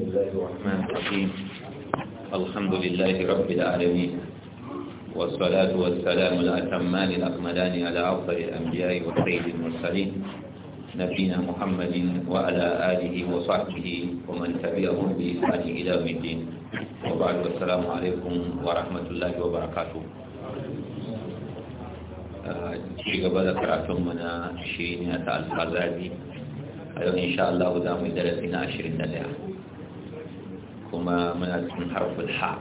الله الرحمن الرحيم الحمد لله رب العالمين والصلاة والسلام الأتمان الأكملان على أفضل الأنبياء والسيد المرسلين نبينا محمد وعلى آله وصحبه ومن تبعهم بإحسان إلى يوم الدين وبعد والسلام عليكم ورحمة الله وبركاته شيء قبل da من na shirin ta alfazari a yau insha Allah za mu yi darasi كما من حرف الحاء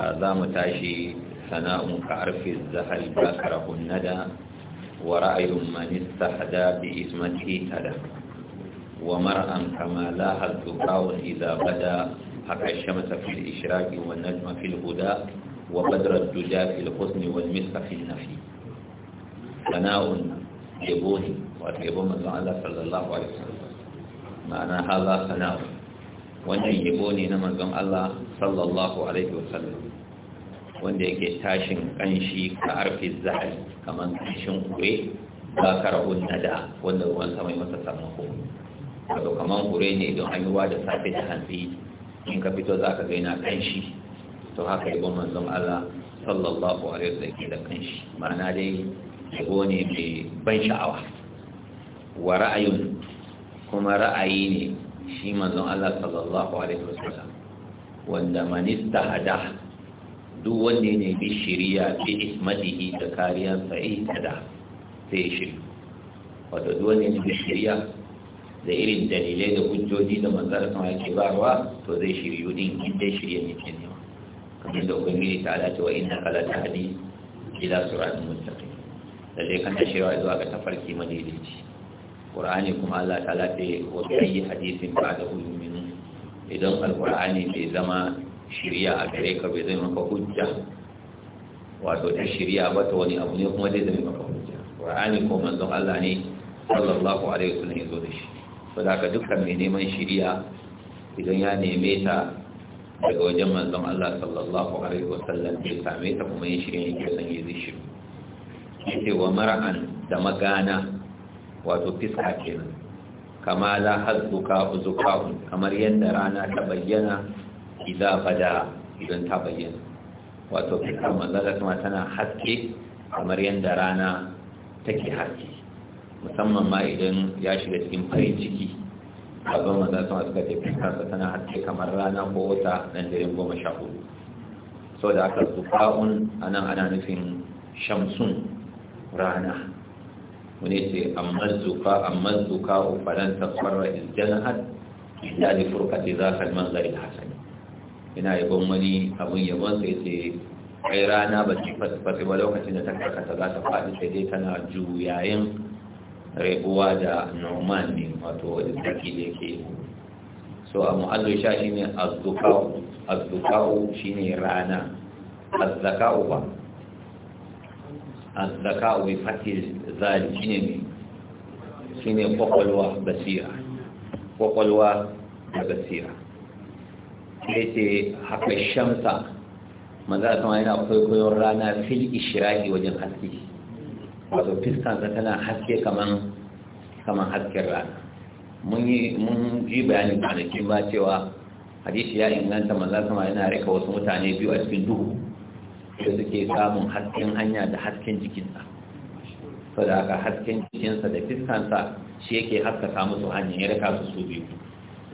هذا متاشي ثناء كعرف الزهل باكره الندى ورأي من استحدى بإسمته تدى ومرأة كما لاها الزكاو إذا بدا حكى الشمس في الإشراق والنجم في الهدى وبدر الدجا في الحسن والمسك في النفي ثناء جبوني وأتجبون من صلى الله عليه وسلم معنى هذا ثناء wannan yabo ne na manzon Allah sallallahu alaihi wasallam wanda yake tashin kanshi ka arfi zahari kaman kashin kure ba karahun nada wanda ruwan sama yi masa sammako wato kaman kure ne don hanyuwa da safe da hanzi, in ka fito za ka gaina kanshi to haka yabon manzon Allah sallallahu alaihi wasallam da kanshi ma'ana dai yabo ne mai ban sha'awa wa ra'ayun kuma ra'ayi ne shi manzon Allah sallallahu alaihi wasallam wanda manista hada duk wanda ya nemi shiriya bi ismatihi da kariyar sa ihtada sai shirya wato duk wanda ya nemi shirya da irin dalilai da hujjoji da manzon Allah yake barwa to zai shiriyu din inda shirya ne ke nema kamar da ubangiji ta ala cewa inna kala hadi ila suratul mustaqim lalle kan ta shirya zuwa ga tafarki madaidaici qur'ani kuma Allah ta ce wa ayi hadisin ba da yu'minu idan alqur'ani bai zama shiriya a gare ka bai zai maka hujja wato ta shiriya ba ta wani abu ne kuma zai zama maka hujja qur'ani ko manzon Allah ne sallallahu alaihi wasallam ya zo da shi saboda ka dukkan mai neman shiriya idan ya neme ta daga wajen manzon Allah sallallahu alaihi wa sallam bai same ta kuma yin shirya yake son yi zai shiru yace wa mar'an da magana wato fiska kenan kama la hazuka uzuka kamar yadda rana ta bayyana idan bada idan ta bayyana wato fiska manzala kuma tana haske kamar yadda rana take haske musamman ma idan ya shiga cikin farin ciki abin manzala kuma suka ce fiska tana haske kamar rana ko wata ɗan dare goma sha hudu sau da aka zuka'un ana ana nufin shamsun rana wani ce amma zuka amma zuka o falan tafarra izjanahat ila li furqati zakal manzari hasan ina yabon wani abun yabon sai ce ai rana ba ci ba lokacin da ta ta za ta faɗi sai dai tana juyayin rabuwa da norman ne wato wani sarki da ke so a mu'allu sha shi ne azzuka'u azzuka'u shi ne rana azzaka'u ba الذكاء بفتح ذال شنو شنو قوقلوا بصيرة قوقلوا basira yace haka shamsa maza sama yana kwaikwayon rana fil ishiraki wajen haske wato ta tana haske kaman kaman hasken rana mun yi bayanin bayani ba cewa hadisi ya inganta maza sama yana rika wasu mutane biyu a cikin duhu da suke samun hasken hanya da hasken jikinsa saboda haka hasken jikinsa da fiskansa shi yake haskaka musu hanyar ya raka su su biyu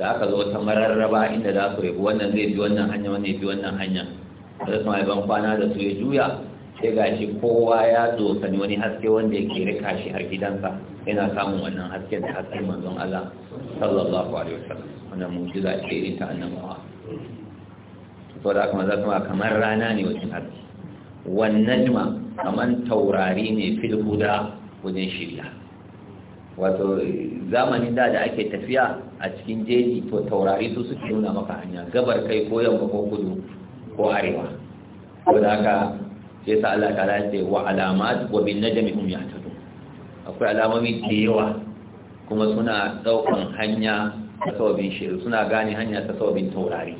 da aka zo ta mararraba inda za su rabu wannan zai bi wannan hanya wannan bi wannan hanya da su mai ban kwana da su ya juya sai ga shi kowa ya sani wani haske wanda yake rika shi har gidansa yana samun wannan hasken da hasken manzon Allah sallallahu alaihi wasallam wannan mu'jiza ce irin ta annabawa to da kuma za su kamar rana ne wajen haske Wannan najma kamar taurari ne fil huda wajen shirya wato zamanin da da ake tafiya a cikin jeji to taurari su suke nuna maka hanya gabar kai ko yamma ko kudu ko arewa ko da haka sai sa Allah ta ce wa alamat wa bin najmi hum yahtadun akwai alamomi da yawa kuma suna daukan hanya ta shiri suna gane hanya ta sababin taurari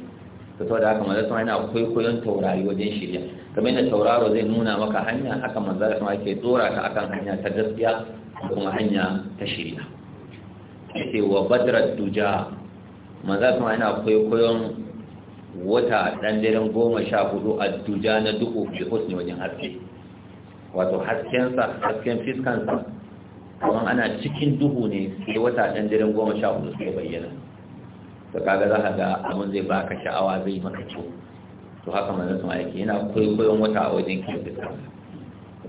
to saboda haka manzo sun yana koyon taurari wajen shirya kamar da tauraro zai nuna maka hanya haka manzara kuma yake tsora ka akan hanya ta gaskiya kuma hanya ta shirya yake wa badrat duja manzara kuma yana kwaikwayon wata dan daren goma sha hudu a duja na duku bi husni wajen haske wato haskensa hasken fiskansa kuma ana cikin duhu ne sai wata dan daren goma sha hudu sai bayyana to kaga za ka ga abin zai baka sha'awa zai maka ciwo to haka manzon sama yake yana kwaikwayon wata a wajen kiyon fiska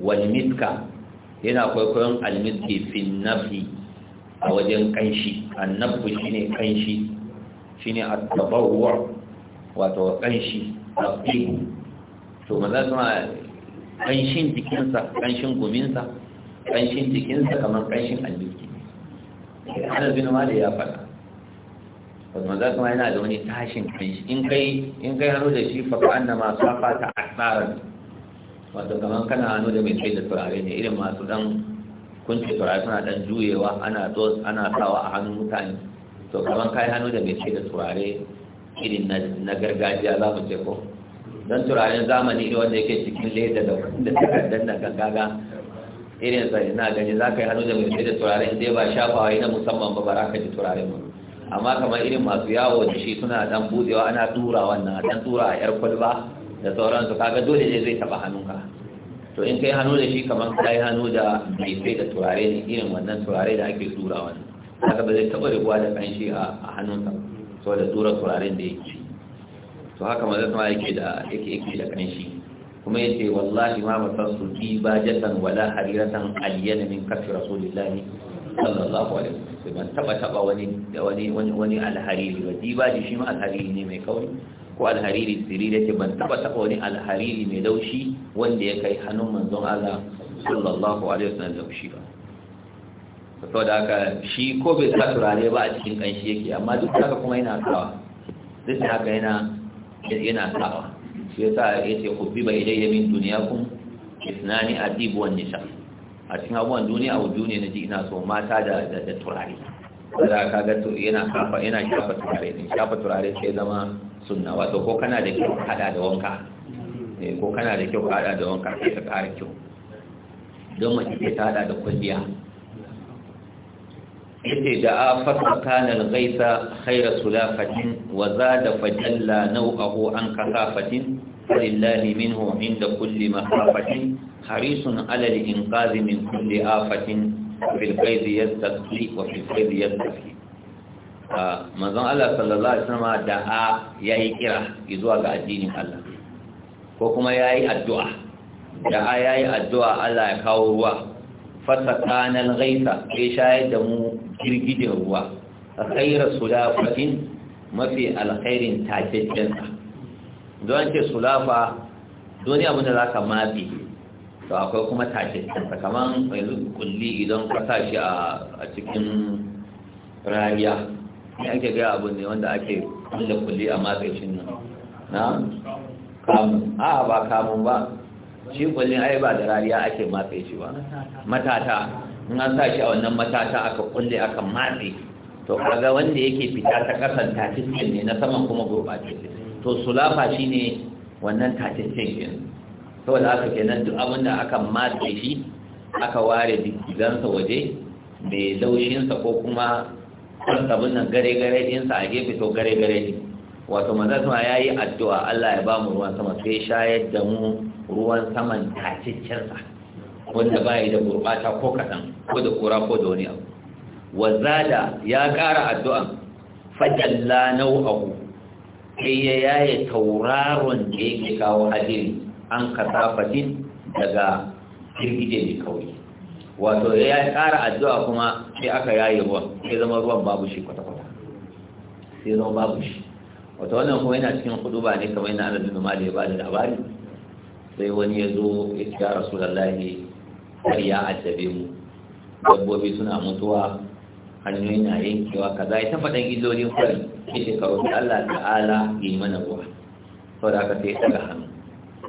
wal yana kwaikwayon al miski fi nafi a wajen kanshi annabu shine kanshi shine at-tabawwu wato kanshi tafihu to manzon sama kanshin jikinsa kanshin guminsa kanshin jikinsa kamar kanshin al-miski Anas bin Malik ya faɗa wato za kuma yana da wani tashin kanshi in kai in kai hannu da shi fa ka annama safa ta asara wato kamar kana hannu da mai kai da turare ne irin masu dan kunce turare suna dan juyewa ana to ana sawa a hannun mutane to kamar kai hannu da mai kai da turare irin na gargajiya za mu ce ko don turaren zamani ne wanda yake cikin leda da wanda takardar na gaggaga irin sa ina gani za ka yi hannu da mai kai da turare dai ba shafawa na musamman ba ba za ka ji turaren ba amma kamar irin masu yawo da shi suna dan budewa ana tura wannan dan tura a yar kwalba da sauransu kaga dole ne zai taba hannunka to in kai hannu da shi kamar kai hannu da mai sai da turare ne irin wannan turare da ake tura wannan kaga ba zai taba rubuwa da kanshi a hannunka so da tura turaren da yake to haka maza kuma yake da yake yake da kanshi kuma yace wallahi ma masasu ba bajatan wala hariratan aliyana min kafir rasulillahi sallallahu alaihi sai ban taba taba wani wani wani alhariri ba dibaji shi ma alhariri ne mai kauri ko alhariri sirri ce ban taba taba wani alhariri mai laushi wanda ya kai hannun manzon Allah sallallahu alaihi wasallam laushi ba to da haka shi ko bai sa turare ba a cikin kanshi yake amma duk haka kuma yana sawa duk haka yana yana sawa shi yasa yace ba ilayya min dunyakum isnani adib wan nisa' a cikin abubuwan duniya a duniya na ji ina so mata da da turare da ka ga to yana kafa yana shafa turare din shafa turare sai zama sunna wato ko kana da kyau hada da wanka eh ko kana da kyau hada da wanka sai ka kara kyau don mace ta hada da kulliya yace da a fasa kanar gaisa khaira sulafatin wa zada fajalla nau'ahu an kasafatin فلله منه عند كل مخافة حريص على الإنقاذ من كل آفة وفي القيد يستقلي وفي القيد يستقلي manzon Allah sallallahu alaihi wasallam da'a yayi kira zuwa ga addinin Allah ko kuma yayi addu'a da'a yayi addu'a Allah ya kawo ruwa fasakanal ghaitha sai shayar da mu girgijin ruwa khairu sulafatin mafi alkhairin tajajjansa don ce sulafa doni abin da za ka mafi to akwai kuma tashi ta kaman yanzu kulli idan ka tashi a cikin rariya ne ake gaya abin ne wanda ake kulle kulli a matsashin nan na kamun a ba kamun ba shi kullin ai ba da rariya ake matse shi ba matata in an sa shi a wannan matata aka kulle aka mafi. to kaga wanda yake fita ta kasan tatin ne na saman kuma gurɓace to sulafa shine wannan tataccen kenan saboda aka kenan duk abin da aka matse shi aka ware gidansa waje mai laushinsa ko kuma abin nan gare-gare ɗinsa a gefe to gare-gare wato mazatuma ya yi addu'a Allah ya ba mu ruwan sama sai shayar da mu ruwan saman taciccinsa wanda ba da gurɓata ko kaɗan ko da ƙura ko da wani abu wazada ya ƙara addu'an fajalla nau'ahu sai ya tauraron da yake kawo hadin an kasafatin daga girgije ne kawai wato ya kara addu'a kuma sai aka yaye ruwan sai zama ruwan babu shi kwata-kwata sai zama babu shi wato wannan kuma yana cikin hudu ba ne kamar yana annabi numa da ya ba da labari sai wani ya zo ya rasu lallahi har ya addabe mu dabbobi suna mutuwa hanyoyi na yankewa kaza ya tafa dan illolin kwari yace ka Allah ta'ala ya yi mana ruwa da aka sai ɗaga hannu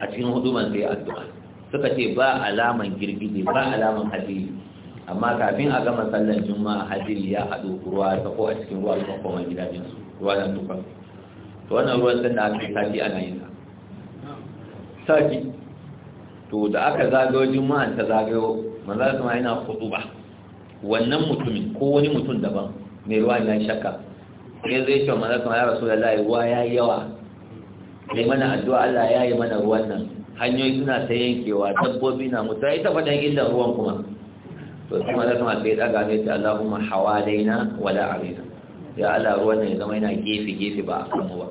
a cikin man sai addu'a suka ce ba alaman girgiji ba alaman hadiri amma kafin a gama sallan juma'a hadiri ya haɗu ruwa ta ko a cikin ruwa kuma koma gidajen su ruwa nan tukar to wannan ruwan sun da aka yi sati ana yin sa sati to da aka zagayo juma'a ta zagayo manzara kuma yana hudu ba wannan mutumin ko wani mutum daban mai ruwa ya shaka. sai zai ce mana kuma ya rasu da layi ruwa ya yi yawa Mai mana addu'a Allah ya yi mana ruwan nan hanyoyi suna ta yankewa dabbobi na mutu ita dan inda ruwan kuma to sai mana kuma sai daga ne ta Allahumma hawalaina wala alaina ya Allah ruwan nan ya zama yana gefe gefe ba a kan mu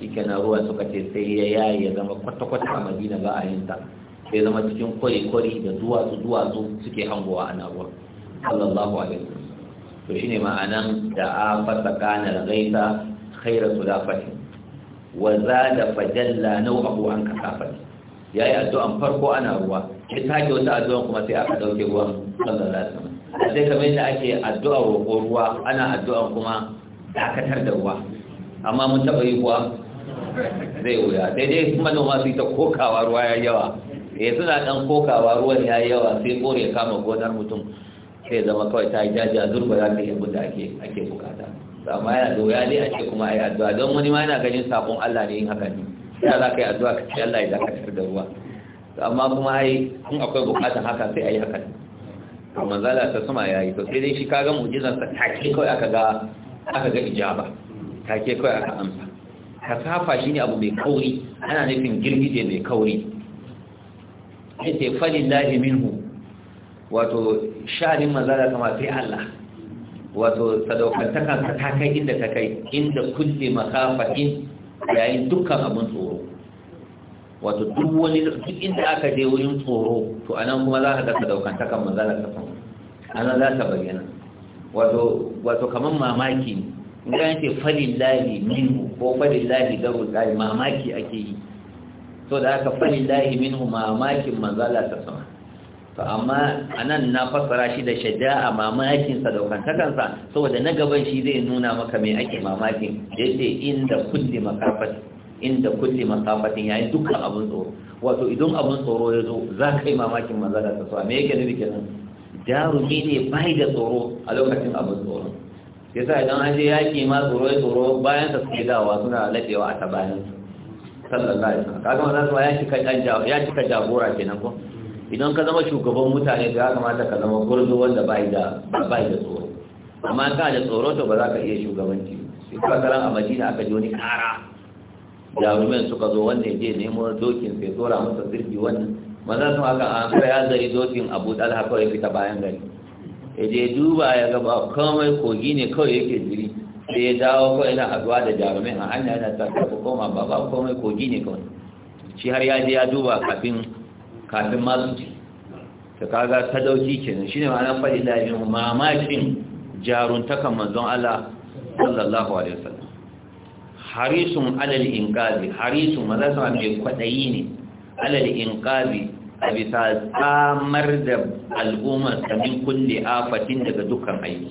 shikenan ruwan suka ce sai ya yayi ya zama kwata kwata a Madina ba a yin ta sai zama cikin kwari kwari da duwatsu duwatsu suke hangowa ana ruwan sallallahu alaihi to shine ma'anan da a fasakana al-ghaitha khayra wa zada fajalla an yayi addu'an farko ana ruwa sai take wata addu'a kuma sai aka dauke sallallahu alaihi wasallam sai ake addu'a ruwa ana addu'a kuma dakatar da ruwa amma mun taba yi zai wuya sai dai ta kokawa ruwa yawa eh, suna dan kokawa ruwan yayi yawa sai kore kama gonar mutum sai zama kawai ta yi jaji a zurfa za ta yi abin da ake bukata amma yana da wuya ne a ce kuma ya yi addu'a don wani ma yana ganin sakon Allah ne yin haka ne sai za ka yi addu'a ka ce Allah ya dakatar da ruwa amma kuma ai in akwai bukatan haka sai a yi haka kuma zala ta suma ya yi to sai dai shi sa ta ke kawai aka ga aka ga ijaba ke kawai aka amsa safa shi ne abu mai kauri ana nufin girgije mai kauri sai ce falillahi minhu wato sha'anin da kama sai Allah wato sadaukantaka ta kai inda ta kai inda kulle makafatin yayin dukkan abin tsoro wato duk wani duk inda aka je wurin tsoro to anan kuma za ka ga sadaukantakan manzala da kafa anan za ta bayyana wato wato kaman mamaki in ga yake falin lahi min ko falin lahi da lahi mamaki ake yi so da aka falin lahi minhu mamakin maza da kafa to amma anan na fassara shi da a mamakin sa daukan takansa saboda na gaban shi zai nuna maka me ake mamakin yace inda kulli makafati inda kulli ya yayin dukkan abun tsoro wato idan abun tsoro ya zo za ka yi mamakin manzala ta so me yake nufi kenan jaru ne bai da tsoro a lokacin abun tsoro yasa idan an je yaƙi ma tsoro ya tsoro bayan sa suke dawa suna ladewa a tabanin sallallahu alaihi wasallam kaga wannan ya cika ya cika jagora kenan ko idan ka zama shugaban mutane da ya kamata ka zama gurzo wanda ba yi da tsoro amma ka da tsoro to ba za ka iya shugabanci sai ka karan a Madina aka ji wani kara jarumin suka zo wanda ya je nemo dokin sai tsora masa zirgi wannan maza sun haka a ah, kai ya zari dokin Abu dalha kawai fita bayan gari ya je duba ya gaba kawai kogi ne kawai yake jiri sai ya dawo kawai yana haduwa da jarumin a hanya yana ta koma ba ba komai kogi ne kawai shi har ya je ya duba kafin kafin ma su kaga ta kaga sadauki shi ne ma'ana faɗi ilahi mamakin jaruntakan manzon Allah sallallahu alaihi wasallam harisun alal inqazi harisun maza sa mai kwaɗayi ne alal inqazi a bisa samar da al'ummar ta min kulle afatin daga dukkan aiki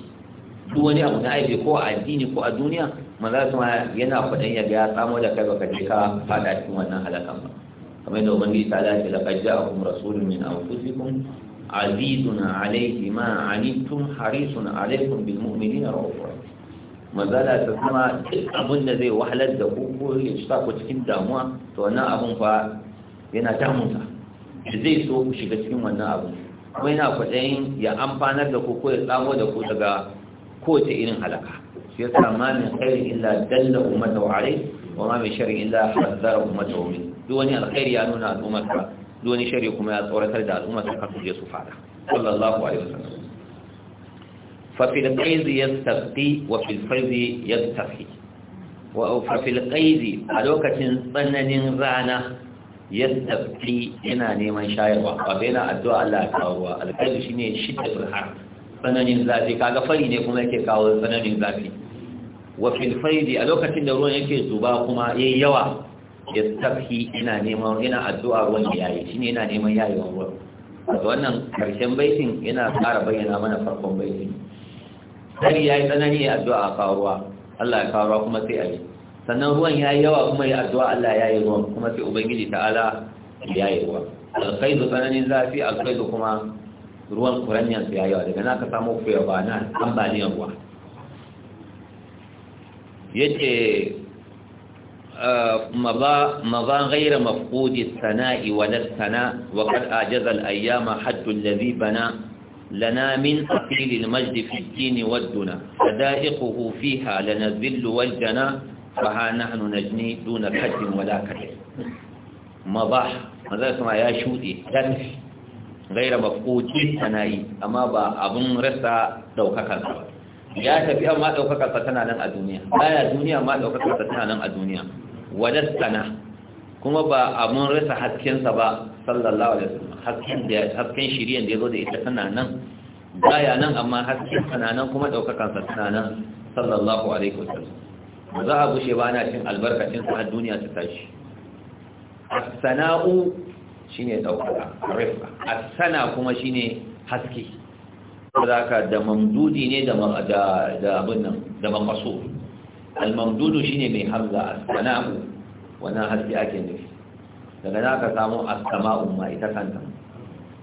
duk wani abu na aiki ko a addini ko a duniya maza su ma yana kwaɗayin ya tsamo da kai baka je ka fada cikin wannan halakan ba kamar da ubangiji ta dace da kajja akum rasulun min anfusikum azizun alayhi ma anittum harisun alaykum bil mu'minina raufur mazala ta kuma duk abin da zai wahalar da ku ko ya sa ku cikin damuwa to wannan abin fa yana damunsa zai so ku shiga cikin wannan abun kuma yana kwaɗayin ya amfanar da ku ko ya tsamo da ku daga kowace irin halaka shi ya sa ma min khairin illa dalla ummata wa alayhi wa ma min sharri illa hazzara ummatahu min duk wani alkhairi ya nuna al'ummar al'ummarsa duk wani sharri kuma ya tsoratar da al'ummarsa kafin kuje su fada sallallahu alaihi wasallam fa fil qaiz yastaqi wa fil faiz yastafi wa fa fil qaiz a lokacin tsananin rana yastafi yana neman shayarwa ba bai na addu'a Allah ya kawo ruwa alkaiz shine shiddatul har tsananin zafi kaga fari ne kuma yake kawo tsananin zafi wa fil faidi a lokacin da ruwan yake zuba kuma yayi yawa tafi ina neman ina addu'a ruwan yayi shine ina neman yayewan ruwan wato wannan karshen baitin yana ƙara bayyana mana farkon baitin sai yayi tsanani ya addu'a a kawo ruwa Allah ya kawo ruwa kuma sai a yi sannan ruwan yayi yawa kuma ya addu'a Allah ya yi ruwan kuma sai ubangiji ta'ala ya yi ruwa alkaidu tsananin zafi alkaidu kuma ruwan kuranyan su yayi yawa daga na ka samu kuwa ba na ambaliyan ruwa يجي آه، مضى مضى غير مفقود الثناء ولا الثناء وقد أعجز الأيام حد الذي بنى لنا من أقيل المجد في الدين والدنا فدائقه فيها لنا الذل والجنا فها نحن نجني دون كد ولا كد مضى ماذا اسمع يا شودي غير مفقود الثناء أما با أبن رسا دوكا ya tafi amma daukakar sa tana nan a duniya baya duniya amma daukakar sa tana nan a duniya wadattana kuma ba abun rasa hasken sa ba sallallahu alaihi wasallam hasken da hasken shiriyan da yazo da ita tana nan baya nan amma hasken tana nan kuma daukakar sa tana nan sallallahu alaihi wasallam za a bushe ba na cin albarkacin sa har duniya ta tashi as-sana'u shine daukaka rifqa as-sana kuma shine haske zaka da mamdudi ne da abin nan da makaso al-mamdudu shine mai hamza as-sana'u wannan haske ake nufi daga na ka samu as-sama'u ma ita kanta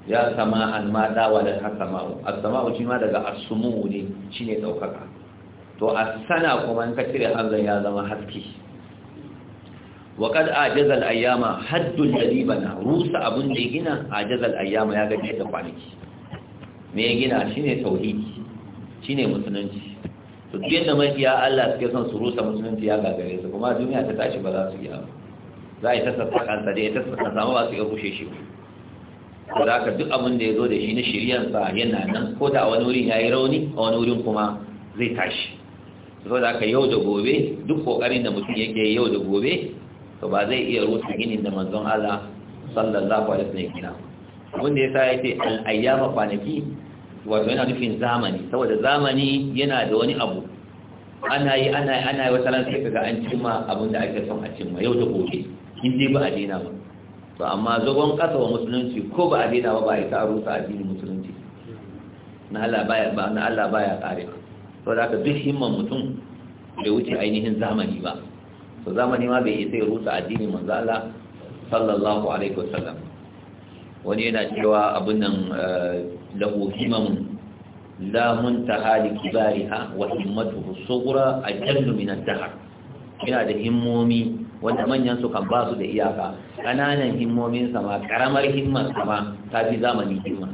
ya sama'an ma da as-sama'u as-sama'u shi ma daga as-sumu ne shine daukaka to as-sana kuma in ka cire hamza ya zama haske وقد عجز الايام حد الذي بنا روس ابن دينا عجز الايام ya gaje da kwanaki me ya gina shine tauhidi ne musulunci to duk yadda makiya Allah suke son su rusa musulunci ya gagare su kuma duniya ta tashi ba za su gina za a yi ta sassa kansa da ya ta sassa samu ba su iya bushe shi ba za ka duk abin da ya zo da shi na sa yana nan ko da wani wurin ya yi rauni a wani wurin kuma zai tashi so da ka yau da gobe duk kokarin da mutum yake yau da gobe to ba zai iya rusa ginin da manzon Allah sallallahu alaihi wasallam wanda ya sa ya ce al'ayyama kwanaki wato yana nufin zamani saboda zamani yana da wani abu ana yi ana yi ana yi wata ran ya kaga an cimma abin da ake son a cimma yau da gobe in dai ba a dina ba to amma zagon kasa wa musulunci ko ba a dina ba ba a taro sa addinin musulunci na Allah baya ba na Allah baya kare to da ka duk himman mutum bai wuce ainihin zamani ba to zamani ma bai isa ya rusa addinin manzo Allah sallallahu alaihi wasallam wani yana cewa abin nan eh, lahu himamun la muntaha li kibariha wa himmatu sughra ajallu min ad-dahr yana da himmomi wanda manyan su kan ba su da iyaka kananan himmomin sa ma karamar himmar sa ma ta fi zamani himma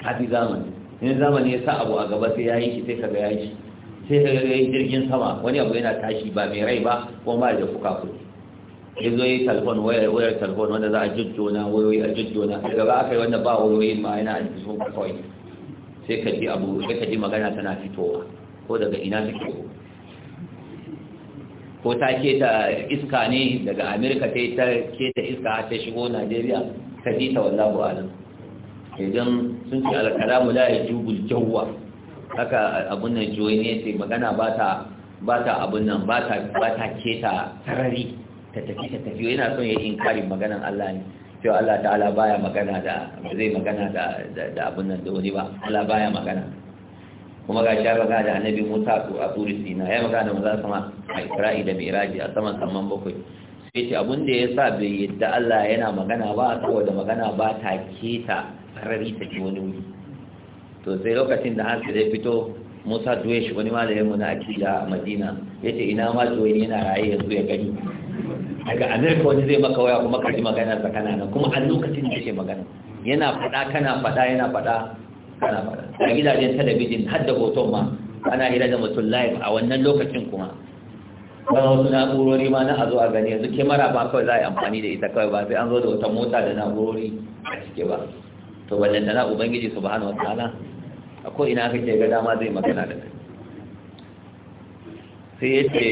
ta fi zamani in zamani ya sa abu a gaba sai yayi shi sai kaga yayi shi sai kaga yayi jirgin sama wani abu yana tashi ba mai rai ba kuma ba da fuka kuɗi ya zo yi talfon wayar talfon wanda za a jujjona wayoyi a jujjona daga ba aka yi wanda ba wayoyi ma yana a jisun kawai sai ka ji abu sai ka ji magana tana fitowa ko daga ina ke ko ta keta iska ne daga amerika sai ta keta iska ta shigo najeriya ka ji ta wallahu alam idan sun ce alkalamu la yajubul jawwa haka abun nan juwai ne sai magana ba ta abun nan ba ta keta sarari ta tafi ta tafi yana son ya inkarin maganan Allah ne cewa Allah ta'ala baya magana da zai magana da da abin nan da wani ba Allah baya magana kuma ga shi magana da annabi Musa a Turi Sina ya magana da manzon sama a Isra'i da Miraji a saman saman bakwai sai ce abin da ya sa bai yadda Allah yana magana ba saboda magana ba ta keta sarari ta ci wani wuri to sai lokacin da hansu zai fito Musa shi wani malamin mu na akida a Madina yace ina ma Duwesh yana raye yanzu ya gani daga amerika wani zai maka waya kuma kaji magana sa kana nan kuma a lokacin da yake magana yana faɗa kana faɗa yana faɗa kana faɗa a gidajen talabijin har da hoton ma ana hira da mutum live a wannan lokacin kuma ba wasu na'urori ma na a zo a gani yanzu kemara ba kawai za a yi amfani da ita kawai ba sai an zo da wata mota da na'urori a cike ba to wannan da na ubangiji su bahana wata ala a ko ina kake ga dama zai magana da kai sai yace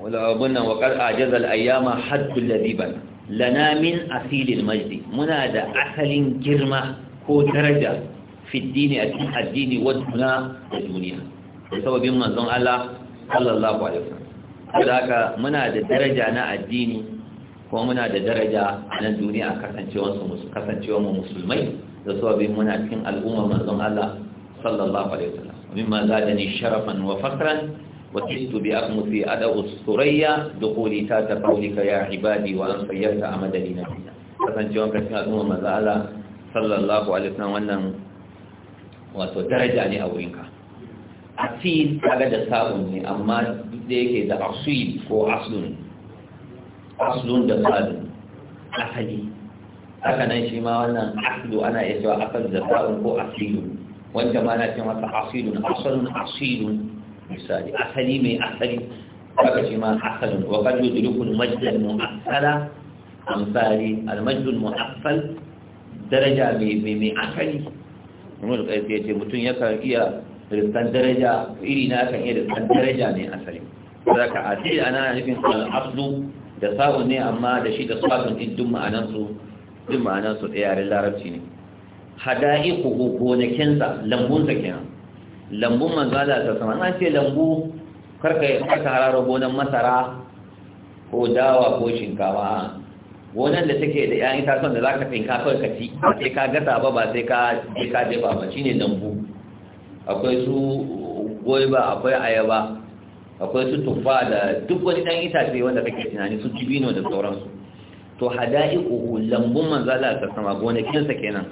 wala abun nan wa qad ajaza al ayyama haddul ladiban lana min asilil majdi muna da asalin girma ko daraja fi dini a cikin addini wa duna da duniya sababin manzon Allah sallallahu alaihi wasallam saboda muna da daraja na addini ko muna da daraja a nan duniya kasancewar su kasancewar mu musulmai da sababin muna cikin al'ummar manzon Allah sallallahu alaihi wasallam mimma ni sharafan wa fakran وسئت بأقمصي أدأ السرية دخولي تات قولك يا عبادي وأن صيرت أمدني نبينا kasancewan kashin al'ummar maza'ala sallallahu alaihi wannan wato daraja ne a wurinka asil kaga da sabon ne amma duk da yake da asil ko aslun aslun da sabon asali haka nan ma wannan aslu ana iya cewa asal da sabon ko wanda ma na ce masa asilun misali asali mai asali kaga shi ma asalin wa qad yudriku al-majdal mu'assala amsali al-majdul mu'assal daraja mai mai asali mun da kai ce mutum yakan iya riskan daraja iri na kan iya riskan daraja mai asali zaka asali ana nufin al-aslu da sabu ne amma da shi da sa'un din duk ma'anansu duk ma'anansu da yaren larabci ne hada'iquhu gonakinsa lambunsa kenan lambun manzala ta sama an ce lambu karka yi karka hararo gonan masara ko dawa ko shinkawa gonan da take da yayin tason da za ka kawai ka ci sai ka gasa ba ba sai ka je ka je ba ne lambu akwai su ba, akwai ayaba akwai su tuffa da duk wani dan itace wanda kake tunani su jibino da sauransu to hada'iku lambun manzala ta sama gonakin sa kenan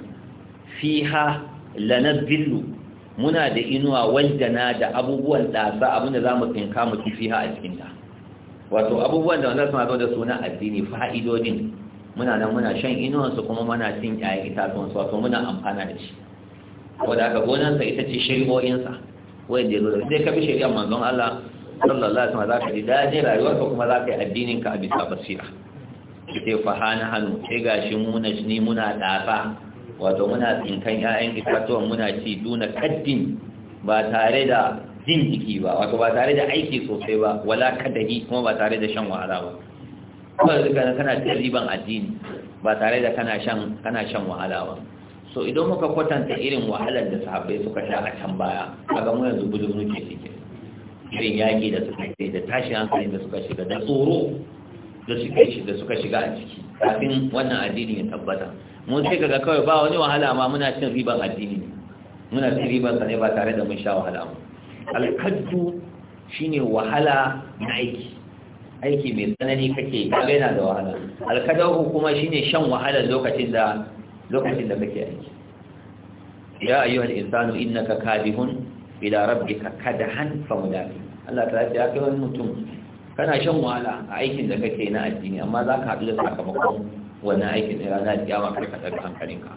fiha lanabillu muna da inuwa na da abubuwan ɗasa abinda za mu tsinka mu kifi ha a cikinta wato abubuwan da wanda suna zo da suna addini fa'idodin muna nan muna shan inuwansu kuma muna cin ƴaƴan itatuwansu wato muna amfana da shi da aka gonansa ita ce shari'o'insa wanda ya zo da sai ka bi shari'ar manzon Allah sallallahu alaihi wasallam za ka ji daɗin rayuwarka kuma za ka yi addininka a bisa basira sai fa hana hannu sai gashi mu na ni muna ɗasa wato muna tsinkan 'ya'yan itatuwan muna ci duna kaddin ba tare da jin jiki ba wato ba tare da aiki sosai ba wala kadahi kuma ba tare da shan wahala ba kuma duka kana cin riban addini ba tare da kana shan kana shan wahala ba so idan muka kwatanta irin wahalar da sahabbai suka sha a can baya kaga mu yanzu budurnu ke cike irin yaƙi da suka yi da tashin hankali da suka shiga da tsoro da suka shiga a ciki kafin wannan addini ya tabbata mu sai kaga kawai ba wani wahala ma muna cin riban addini muna cin riban sa ba tare da mun sha wahala mu alkaddu shine wahala na aiki aiki mai tsanani kake kaga yana da wahala alkadahu kuma shine shan wahala lokacin da lokacin da kake aiki ya al insanu innaka kadihun ila rabbika kadahan mudafi Allah ta ce ya kai wani mutum kana shan wahala a aikin da kake na addini amma zaka haɗu da sakamakon wannan aikin da ranar da kar ka tsarki hankalinka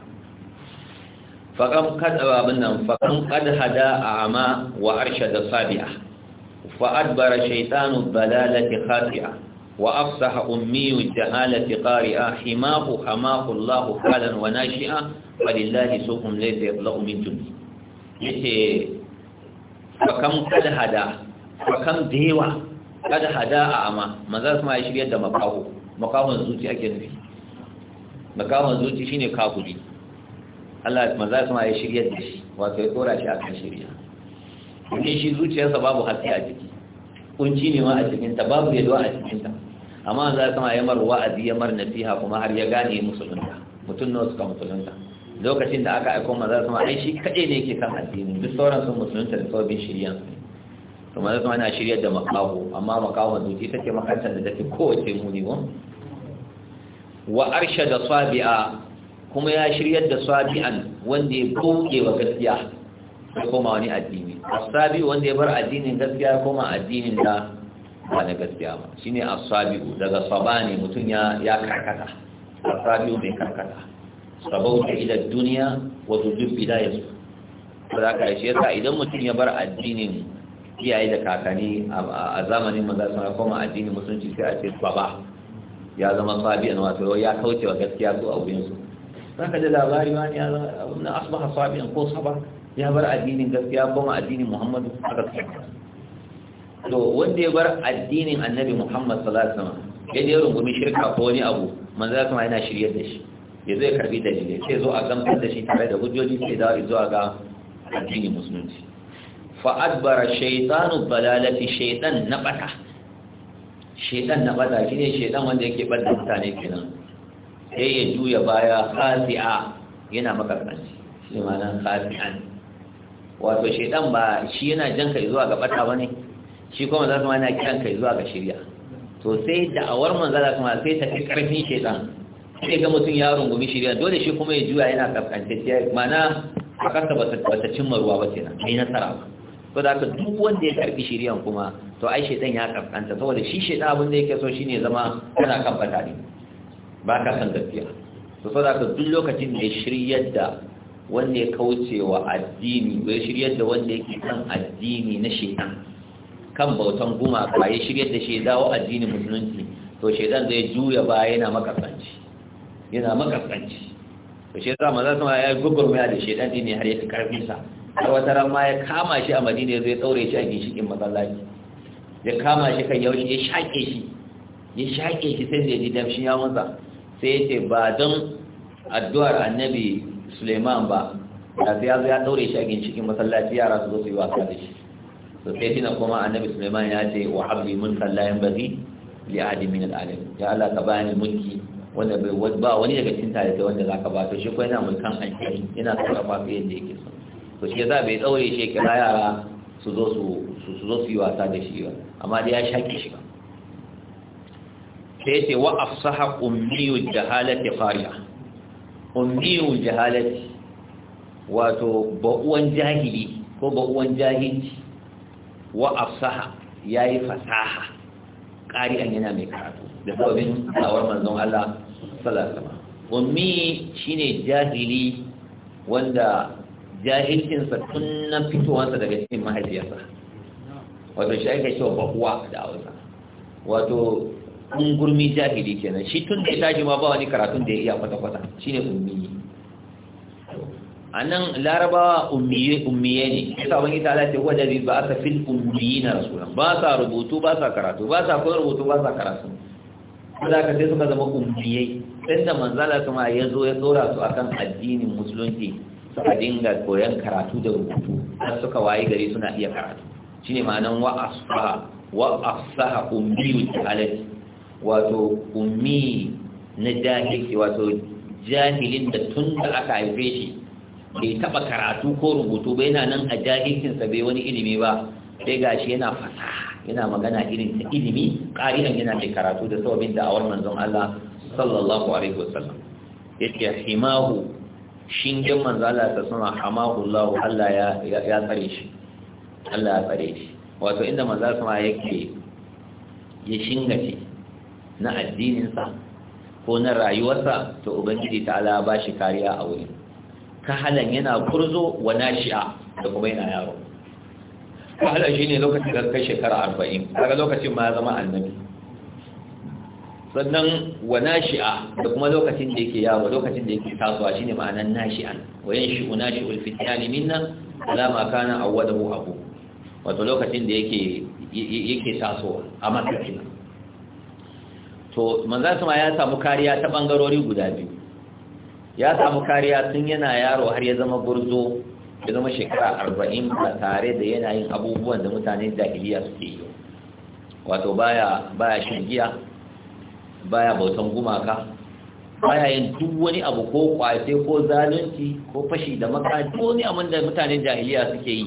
faƙan kaɗa eh, abin nan faƙan ƙad hada a amma wa harshe da Sabiya. Fa'ad bara shaitanu balalati khati'a wa afsaha ummiyu jahalati qari'a himahu hamahu Lahu, Kalan, wa nashi'a falillahi suqum laysa yaqla'u min jumbi yace faƙan ƙad hada faƙan dewa ƙad hada a ama manzo kuma ya shirya da makaho makahon zuci ake nufi makaman zuci shine kafuri Allah maza sama ya shirya da shi wato ya tsora shi akan shirya in shi zuciyarsa babu haske a jiki kunci ne ma a cikin ta babu yadwa a cikin ta amma za sama ya mar wa'azi ya mar nasiha kuma har ya gane musulunta mutum nawa suka musulunta lokacin da aka aiko maza sama ai shi kaɗai ne yake kan addini duk sauran sun musulunta da sabbin shiryan to maza sama na shirya da makaho amma makaho zuci take makantar da take kowace muni ba wa arsha da sabi'a kuma ya shiryar da sabi'an wanda ya koke wa gaskiya ya koma wani addini asabi wanda ya bar addinin gaskiya ya koma addinin da ba na gaskiya ba shine asabi daga sabani mutum ya ya karkata asabi mai karkata sabauta ila duniya wa tudubbi da yasu za ka shi yasa idan mutum ya bar addinin iyaye da kakanni a zamanin maza sun koma addinin musulunci sai a ce baba ya zama sabi'an wato ya kauce wa gaskiya su a wurin su zaka da labari wani ya zama abin asbaha sabi'an ko saba ya bar addinin gaskiya ba ma addinin Muhammadu aka to wanda ya bar addinin Annabi Muhammad sallallahu alaihi wasallam ya je rungumi shirka ko wani abu manzo kuma yana shiryar da shi ya zai karbi da dalilai sai zo a gamsar da shi tare da hujjoji sai da zuwa ga addinin musulunci fa adbara shaytanu balalati shaytan nabata shedan na bada shi ne shedan wanda yake bada mutane kenan sai ya juya baya khasi'a yana maka kanci shi ma'anar khasi'an wato shedan ba shi yana jan kai zuwa ga bata bane shi kuma zai ma yana kiran kai zuwa ga shirya to sai da'awar manzala kuma sai ta fi karfin shedan sai ga mutum ya rungumi shirya dole shi kuma ya juya yana kaskantacciya ma'ana a kasa ba ta cimma ruwa ba kenan ai nasara ba To da ka duk wanda ya karbi shiriyan kuma to ai shedan ya karbanta saboda shi shedan abin da yake so shine zama kana kan fata ne ba ka san gaskiya to saboda ka duk lokacin da ya shiryar da wanda ya kauce wa addini ya shiryar da wanda yake kan addini na shedan kan bautan gumaka ya shiryar da shi dawo addinin musulunci to shedan zai juya ba yana makasanci yana makasanci to shi yasa manzo sama ya Ya da shedan din ne har ya karbi sa har wata rama ya kama shi a madina zai daure shi a ginshikin masallaci ya kama shi kan yaushe ya shaƙe shi ya shaƙe shi sai da ji damshi ya masa sai ya ce ba don addu'ar annabi suleiman ba da sai ya zo ya daure shi a ginshikin masallaci yara su zo su yi wasa da shi to sai tina kuma annabi suleiman ya ce wa habbi mun sallayan bazi li adi min al'alam ya Allah ka bani mulki wanda bai ba wani daga cinta da da wanda zaka ba to shi ko yana mulkan alheri yana sarrafa fiye da yake so to shi za bai daure shi kira yara su zo su su zo su yi wasa da shi ba amma dai ya shaki shi ba sai ce wa afsaha ummiyu jahalati qariya ummiyu jahalati wato ba'uwan jahili ko ba'uwan jahilci wa afsaha yayi fasaha qari'an yana mai karatu da sababin dawar manzon Allah sallallahu alaihi wasallam ummi shine jahili wanda jahilcinsa tun na fitowarsa daga cikin mahaifiyarsa wato shi aka wa uwa da hausa wato ungurmi jahili kenan shi tun da tashi ma ba wani karatun da ya iya kwata-kwata shi ne ummiyi a nan larabawa ummiye ne ya wani ita ala ce wadda zai ba aka fil ummiyi na rasulan ba sa rubutu ba sa karatu ba sa kuma rubutu ba sa karatu za ka sai suka zama ummiye sai da manzala kuma ya zo ya tsora su akan addinin musulunci Su a dinga koyon karatu da rubutu har suka waye gari suna iya karatu ne ma'anan wa asfaha wa wato ummi na jahilci wato jahilin da tun da aka haife shi bai taba karatu ko rubutu ba yana nan a jahilcinsa bai wani ilimi ba sai ga shi yana fasa, yana magana irin ta ilimi ƙari'an yana mai karatu da sababin da awar manzon Allah sallallahu alaihi wasallam yake himahu shingen manzo Allah ta sama hamahu Allah Allah ya ya tsare shi Allah ya tsare shi wato inda manzo Allah sama yake ya shi na addininsa ko na rayuwarsa to ubangiji ta Allah ba shi kariya a wurin kahalan yana kurzo wa nashi'a da kuma yana yaro halan shine lokacin da kai shekara 40 daga lokacin ma ya zama annabi sannan wa nashi'a da kuma lokacin da yake yawo lokacin da yake tasowa shine ma'anan nashi'an wa yanshi'u nashi'ul fitani minna la ma kana awwadahu abu wato lokacin da yake yake tasowa a matakin to manzon sama ya samu kariya ta bangarori guda biyu ya samu kariya tun yana yaro har ya zama gurzo ya zama shekara 40 ba tare da yana yin abubuwan da mutanen da'iliya suke yi wato baya baya shan giya baya bautan gumaka baya yin duk wani abu ko kwace ko zalunci ko fashi da maka ko ne abin da mutanen jahiliya suke yi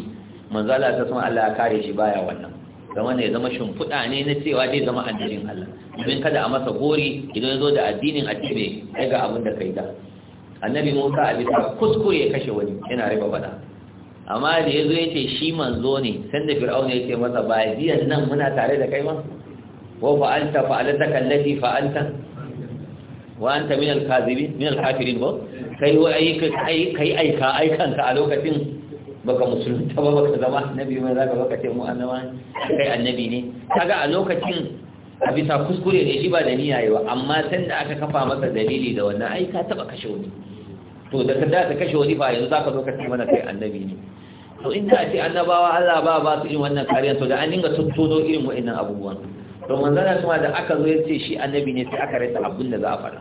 manzala ta san Allah ya kare shi baya wannan zama ne zama shimfiɗa ne na cewa zai zama addinin Allah idan kada a masa gori idan zo da addinin addini sai ga abin da kai da annabi Musa a bisa kuskure ya kashe wani yana riba bada amma da yazo zo ya ce shi manzo ne sanda fir'auna ya ce masa ba jiyan nan muna tare da kai ba وفعلت فعلتك التي فعلت وأنت من الكاذبين من الكافرين كي أيك كي أيك أيك أنت على وقت baka musulunta ba baka zama annabi mai zaka baka ce mu annaba kai annabi ne kaga a lokacin a bisa kuskure ne shi ba da niyya yayi amma san da aka kafa masa dalili da wannan ai ka taba kashe wani to da ka da kashe wani fa yanzu zaka zo mana kai annabi ne to inda a ce annabawa Allah ba ba su irin wannan kariyar to da an dinga tuttuno irin wa'annan abubuwan to manzana kuma da aka zo ya ce shi annabi ne sai aka rasa abin da za a fara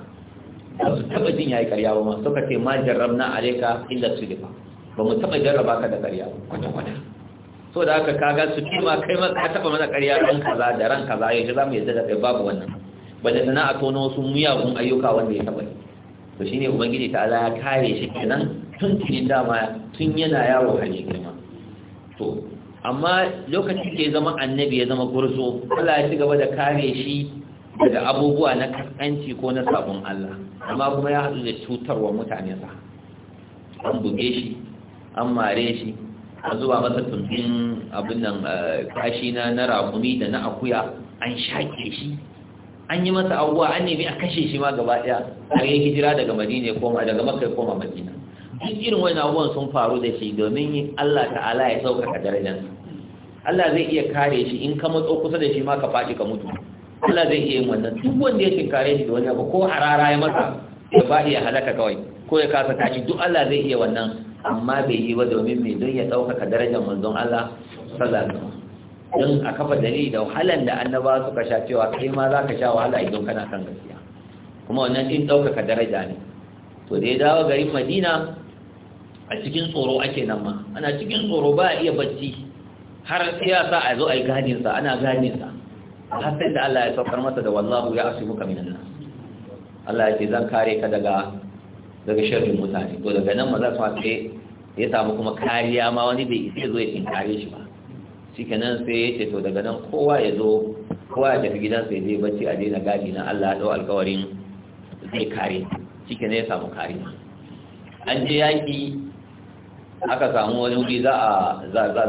ba su taɓa jin ya yi ƙarya ba ma suka ce ma jarrabna alayka illa sulifa ba mu taɓa jarraba ka da ƙarya kwata-kwata so da aka kaga su kima kai ma ka taɓa mana ƙarya ran kaza da ran kaza yaje za mu yadda da kai babu wannan ba da sana'a tono wasu miyagun ayyuka wanda ya taɓa to shine ubangiji ta Allah ya kare shi kenan tun tuni dama tun yana yawo hali girma to amma lokacin da ya zama annabi ya zama gurzo Allah ya ci gaba da kare shi daga abubuwa na kaskanci ko na sabon Allah amma kuma ya haɗu da cutarwa mutane sa an buge shi an mare shi an zuba masa tumbin abin nan eh, kashi na na rakumi da na akuya an shaƙe shi an yi masa abuwa an nemi a kashe shi ma gaba ɗaya har yi hijira daga madina koma daga koma madina duk irin wani abubuwan sun faru da shi domin Allah ta'ala ya sauƙaƙa darajarsa Allah zai iya kare shi in ka matso kusa da shi ma ka faɗi ka mutu Allah zai iya yin wannan duk wanda ya kare shi da wani abu ko harara ya masa ya faɗi ya halaka kawai ko ya kasa tashi duk Allah zai iya wannan amma bai yi ba domin mai don ya ɗaukaka darajar manzon Allah sallallahu alaihi don a kafa dalili da wahalan da annaba suka sha cewa kai ma za ka sha wahala idan kana kan gaskiya kuma wannan din ɗaukaka daraja ne to da ya dawo garin madina a cikin tsoro ake nan ma ana cikin tsoro ba a iya bacci har ya sa a zo a yi ganinsa, ana ganinsa. har sai da Allah ya saukar masa da wallahu ya asu muka minan nan Allah ya ce zan kare ka daga daga sharrin mutane to daga nan maza su ce ya samu kuma kariya ma wani bai isa zo ya tinkare shi ba shikenan sai ya ce to daga nan kowa ya zo kowa ya tafi gidan ya je bacci a daina gadi na Allah ya dau alƙawarin zai kare shikenan ya samu kariya an je yaki. aka samu wani wuri za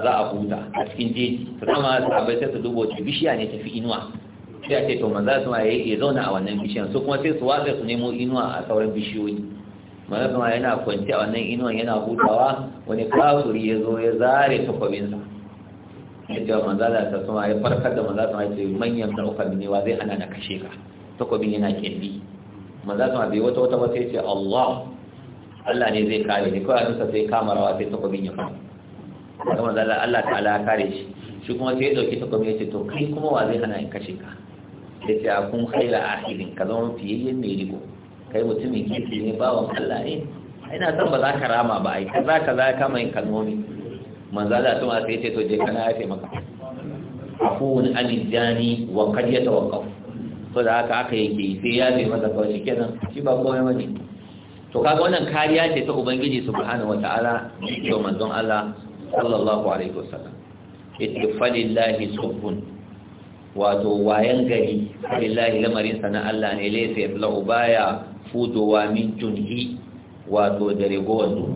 a huta a cikin jeji to dama sahabbai sai su dubo wace bishiya ne tafi inuwa sai a ce to manza su ma ya zauna a wannan bishiyan su kuma sai su watsa su nemo inuwa a sauran bishiyoyi manza su ma yana kwanci a wannan inuwa yana hutawa wani kafuri ya zo ya zare takwabinsa ya ce wa manza da ta suma ya farkar da manza su ma ya ce manyan ɗaukar ne wa zai ana na kashe ka takwabin yana kyalli manza su ma bai wata wata ba sai ce allah Allah ne zai kare ni kawai duka sai kama rawa sai takobin ya fara kuma zalla Allah ta'ala ya kare shi shi kuma sai ya dauki takobin ya ce to kai kuma wa zai hana in kashe ka sai ce akun kun khaila ahirin ka zama fiyayyen mai riko kai mutumin kirki ne bawan Allah ne ina san ba za ka rama ba ai ka za ka yin kalmomi manzo Allah tuma sai ya ce to je kana ya taimaka afuwun alijani wa kad yatawaqqaf to da haka aka yake sai ya zai masa kawai kenan shi ba komai bane to kaga wannan kariya ce ta ubangiji subhanahu wataala da manzon Allah sallallahu alaihi wasallam yace falillahi subbun wato wayan gari falillahi lamarin sana Allah ne laysa yablau baya fudowa min junhi wato da rigon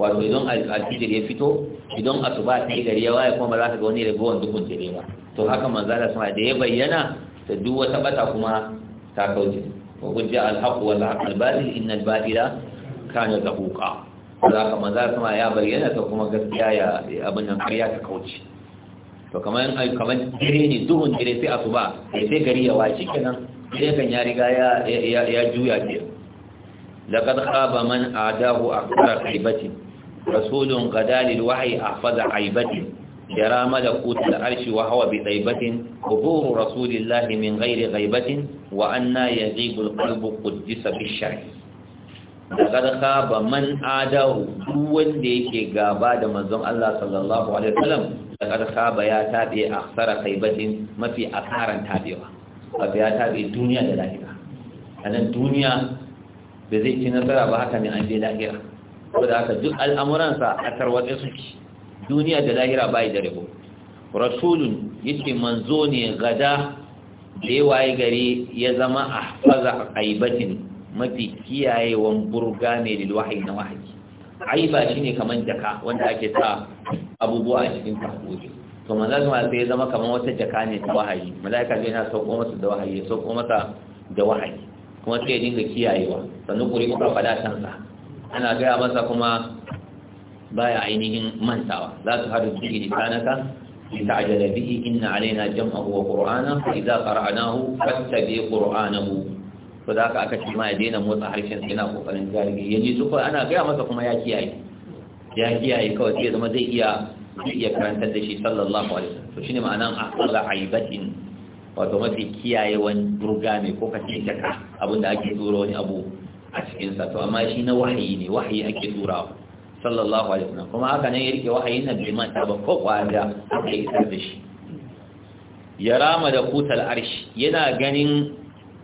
wato idan alfijir ya fito idan asuba ta yi gari ya waye kuma ba za ta ga wani rigon dukun jire ba to haka manzala sama da ya bayyana da duk wata bata kuma ta kauce wa hujja al-haqq wal al-batil inna al-batila kana zahuqa za ka manzo sama ya bayyana ta kuma gaskiya ya abin nan ƙarya ta kauce to kamar kamar dare ne duhun dare sai asuba sai sai gari ya wace kenan sai kan ya riga ya ya juya ke laqad khaba man adahu akthara aibati rasulun qadalil wahyi ahfaza aibati jara malakut al-arsh wa hawa bi ghaibatin qubur rasulillah min ghairi ghaibatin wa anna yaghibu al-qalbu quddisa bi shar'i daga ba man adahu duk wanda yake gaba da manzon Allah sallallahu alaihi wasallam daga khaba ya tabe akhsara ghaibatin mafi akaran tabewa wato ya tabe duniya da lahira anan duniya ba zai ci nasara ba haka ne an je lahira saboda haka duk al'amuransa a tarwatsa suke duniya da lahira bayi da rabo rasulun yace manzo ne gada da waye gari ya zama ahfaza aibatin mafi kiyayewan burga ne lil wahyi na wahyi aiba shine kaman jaka wanda ake sa abubuwa a cikin takobi to manzo kuma sai ya zama kaman wata jaka ne ta wahayi malaika zai na sauko masa da wahayi ya sauko masa da wahayi kuma sai ya dinga kiyayewa sannan kuri kuma fada san sa ana gaya masa kuma baya ainihin mantawa za su haɗu bihi lisanaka lita'jala bihi inna alaina jam'ahu wa qur'ana fa idza qara'nahu fattabi qur'anahu to ka aka ce ma ya daina motsa harshen sai yana kokarin jarige yaji su kawai ana gaya masa kuma ya kiyaye ya kiyaye kawai sai zama zai iya iya karantar da shi sallallahu alaihi wasallam to shine ma'anan ahsala aibatin wato mafi kiyaye wani burga ne ko kace taka abinda ake tsoro wani abu a cikin sa to amma shi na wahayi ne wahayi ake turawa sallallahu alaihi wasallam kuma haka nan ya rike wahayin nan bai ta ba ko kwada aka isar da shi Yara ma da kutal arshi yana ganin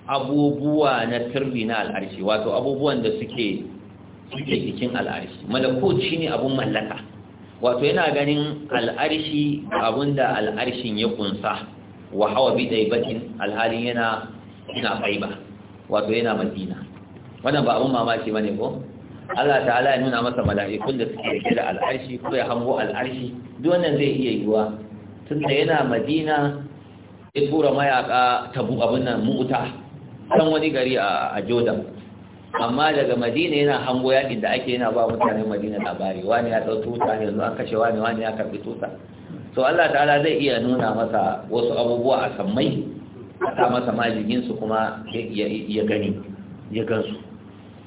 abubuwa na turbi na al'arshi wato abubuwan da suke suke cikin al'arshi malakut shine abun mallaka wato yana ganin al'arshi abunda al'arshin ya kunsa wa hawa bi daibatin alhalin yana ina faiba wato yana madina wannan ba abun mamaki bane ko Allah ta'ala ya nuna masa mala'ikun da suke da da al'arshi ko ya hango al'arshi duk wannan zai iya yiwuwa tunda yana Madina ya tura mayaka ta bu abin nan mu'uta kan wani gari a Jordan amma daga Madina yana hango yakin da ake yana ba mutane Madina labari wani ya dau tuta ne zuwa kashe wani wani ya karbi tuta to Allah ta'ala zai iya nuna masa wasu abubuwa a sammai ta masa majigin su kuma ya gani ya gansu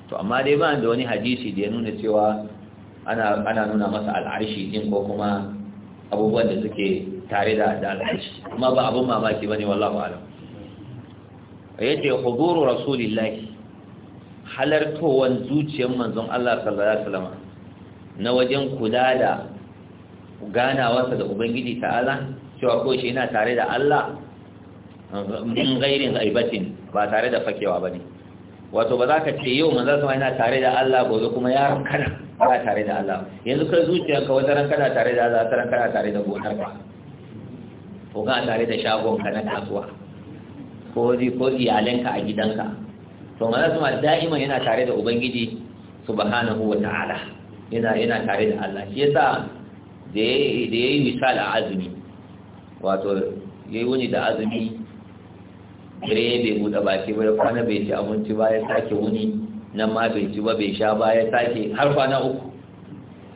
to amma dai ba da wani hadisi da ya nuna cewa ana nuna masa al'arshi din ko kuma abubuwan da suke tare da al'arshi kuma ba abin mamaki ba bane wallahi alam ya huduru rasulillahi halartowar zuciyar manzon Allah sallallahu na wajen kula da ganawarsa da ubangiji ta'ala cewa ko shi yana tare da Allah min gairin ghaibatin ba tare da fakewa ba ne. wato ba za ka ce yau manzan sama yana tare da Allah gobe kuma ya rankana ba tare da Allah yanzu kai zuciyanka wata rankana tare da Allah ta rankana tare da gonar ba ko kana tare da shagon ka na kasuwa ko ko iyalanka a gidanka to manzan sama da'ima yana tare da ubangiji subhanahu wa ta'ala yana yana tare da Allah shi yasa da yayi da misal a azumi wato yayi wani da azumi dare bai buɗe baki ba ya kwana bai ci abinci ba ya sake wuni nan ma bai ci ba bai sha ba ya sake har kwana uku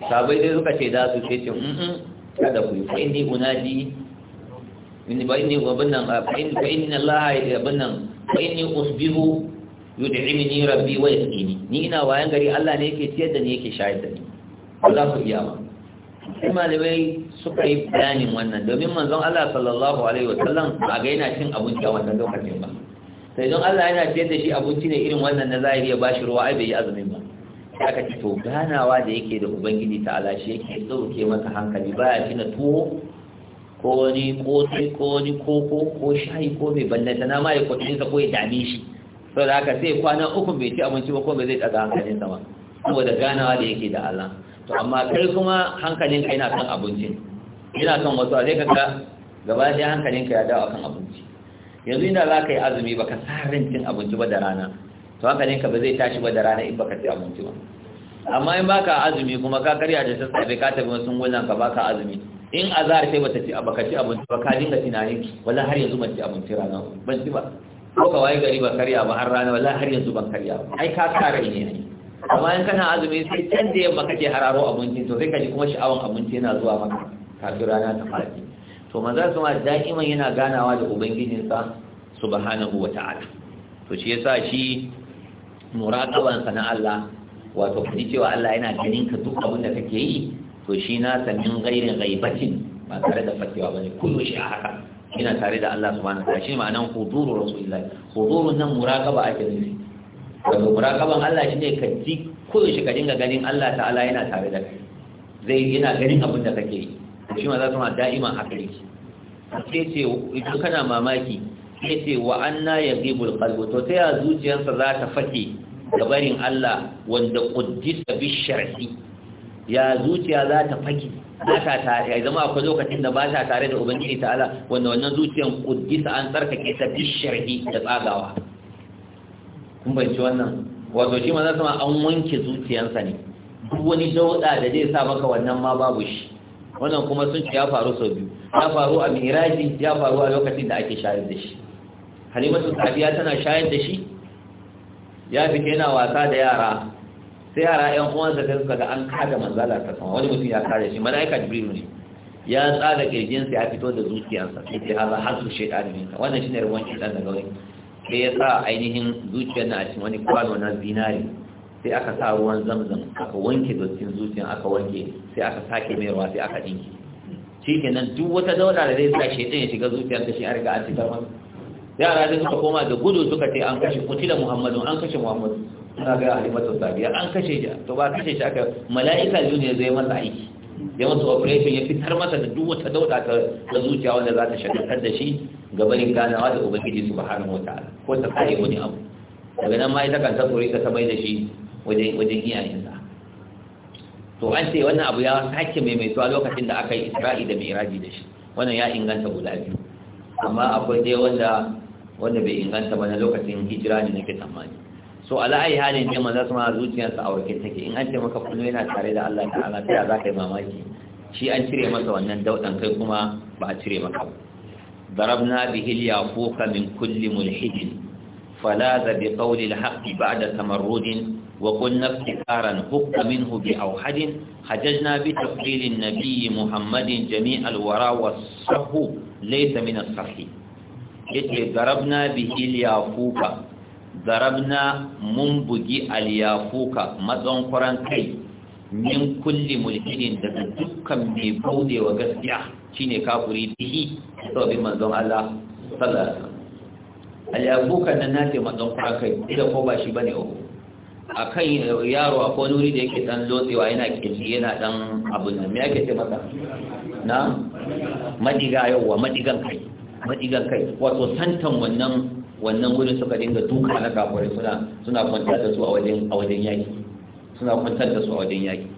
sabai dai suka ce za su ce ce mm, mm, kada ku yi fa'in ni unaji fa'in ni abin nan fa'in ni Allah ya abin nan fa'in ni usbihu ni rabbi wa yasqini ni ina wayan gari Allah ne yake ciyar da ni yake shayar da ni ba za ku iya ba sai malamai suka yi bayanin wannan domin manzon Allah sallallahu alaihi sallam a ga yana cin abinci a wannan lokacin ba sai don Allah yana ce da shi abinci ne irin wannan na zahiri ya bashi ruwa ai bai yi azumin ba aka ci to ganawa da yake da ubangiji ta ala shi yake dauke masa hankali baya na tuwo ko wani kotu ko wani koko ko shayi ko mai ballanta na mai sa ko ya dame shi sau da haka sai kwana uku bai ci abinci ba ko bai zai ɗaga hankalin sama saboda ganawa da yake da Allah to amma kai kuma hankalinka yana kan abinci, yana kan wasu a zai kaka gaba da hankalinka ya dawo kan abinci yanzu inda za ka yi azumi ba ka sarin cin abinci ba da rana to hankalinka ba zai tashi ba da rana in ba ka ci abinci ba amma in ba ka azumi kuma ka karya da sassafe ka tafi wasu wunan ka ba ka azumi in a sai bata ci ba ka ci abinci ba ka dinga tunanin wala har yanzu ban ci abinci rana ban ci ba ko ka wayi gari ba karya ba har rana wala har yanzu ban karya ba ai ka kare ne ne amma in kana azumi sai can da yamma kake hararo abinci to sai kaji kuma sha'awan abinci yana zuwa maka kafin rana ta faɗi to su ma da'iman yana ganawa da ubangijinsa uwa ta'ala to shi ya sa shi muraƙabansa na Allah wato kaji cewa Allah yana ganin ka duk abin da kake yi to shi na sanin gairin gaibacin ba tare da ba bane kullum shi a haka ina tare da Allah subhanahu wa ta'ala shi ma'anan hudurur rasulillah hudurun nan muraqaba ake nufi wato muraqaban Allah ne ka ji ko shi ka dinga ganin Allah ta'ala yana tare da kai zai yana ganin abin da kake yi shi ma za su ma da'ima haka yake sai ce idan kana mamaki sai ce wa ya yaghibul qalbu to ta ya zuciyarsa za ta fake gabarin Allah wanda Kudisa bi shar'i ya zuciya za ta fake ba ta tare ya zama akwai lokacin da ba ta tare da ubangiji ta'ala wanda wannan zuciyar quddisa an tsarkake ta bishiyar da tsagawa kun bai ci wannan wato shi manzo sama an wanke zuciyansa ne duk wani dauda da zai sa maka wannan ma babu shi wannan kuma sun ce ya faru sau biyu ya faru a miraji ya faru a lokacin da ake shayar da shi halimatu safiya tana shayar da shi ya fita yana wasa da yara sai yara yan uwansa sai suka ga an kada manzala ta sama wani mutum ya kare shi malaika jibril ne ya tsara kirjinsa ya fito da zuciyarsa sai ce haza har su shaytan ne wannan shine ruwan kidan daga wani sai ya sa ainihin zuciyar na a cikin wani kwano na zinari sai aka sa ruwan zamzam aka wanke dottin zuciyar aka wanke sai aka sake mai ruwa sai aka dinki shi nan duk wata dauda da zai sa shaitan ya shiga zuciyar ta shi an riga cikin wani masa yara da suka koma da gudu suka ce an kashe kutila muhammadu an kashe muhammadu suna ga halimatu sabiya an kashe shi to ba kashe shi aka mala'ika yau ne zai masa aiki ya masa operation ya fitar masa da duk wata dauɗa ta zuciya wanda za ta shagaltar da shi gabanin ganawa da ubangiji subhanahu wataala ko ta kare wani abu daga nan ma ita kan ta tsori ta mai da shi wajen wajen iyayensa to an ce wannan abu ya sake maimaituwa lokacin da aka yi isra'i da mi'raji da shi wannan ya inganta guda biyu amma akwai dai wanda wanda bai inganta ba na lokacin hijira ne nake tsammani so ala ai halin ne manzo sama zuciyarsa a warke take in an ce maka kullu yana tare da Allah ta'ala sai za ka yi mamaki shi an cire masa wannan daudan kai kuma ba a cire maka ba ضربنا به اليافوق من كل ملحد فلاذ بقول الحق بعد تمرد وقلنا افتكارا حق منه بأوحد حججنا بتفضيل النبي محمد جميع الورى والصح ليس من الصح yace darabna bihi al-yafuka darabna mun bugi al-yafuka matsan kuran kai min kulli mulhidin daga dukkan mai baudewa gaskiya shine kafuri bihi sababin manzon Allah sallallahu alaihi wasallam alyabukan nan nace manzon ku akai da ko ba shi ne uku kan yaro a ko nuri da yake dan lotsewa yana kirji yana dan abin nan me yake ce masa na madiga yawa madigan kai madigan kai wato santan wannan wannan gurin suka dinga duka na kafirai suna suna kwantar da su a wajen yaki suna kwantar da su a wajen yaki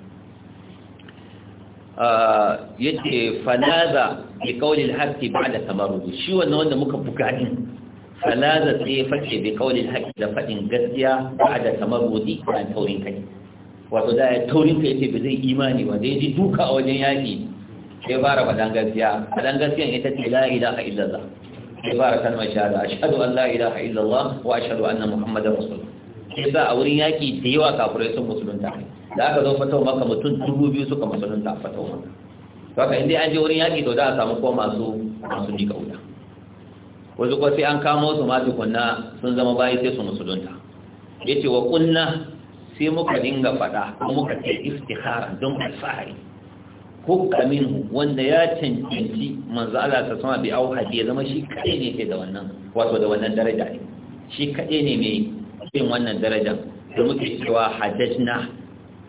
yace fanaza bi qawli al-haqqi ba'da tamarrud shi wannan wanda muka buga din fanaza sai fake bi qawli al-haqqi da fadin gaskiya ba'da tamarrud ba taurin kai wato da ya taurin kai sai ba zai imani ba zai ji duka a wajen yaki sai fara fadan gaskiya fadan gaskiya ita ce la ilaha illallah sai fara kalmar shahada ashhadu an la ilaha illallah wa ashhadu anna muhammadar rasulullah yasa a wurin yaki da yawa kafirai sun musulunta da aka zo fatawa maka mutum dubu biyu suka musulunta a fatawa maka to haka inda an je wurin yaki to za a samu ko masu masu mika wuta wasu kuwa sai an kamo su ma tukunna sun zama bayi sai su musulunta ce wa kunna sai muka dinga faɗa ko muka ce iftihara don alfahari hukka min wanda ya cancanci manzo Allah ta sama bi auhadi ya zama shi kai ne ke da wannan wato da wannan daraja ne shi kaɗai ne mai cikin wannan darajar da muke cewa haddajna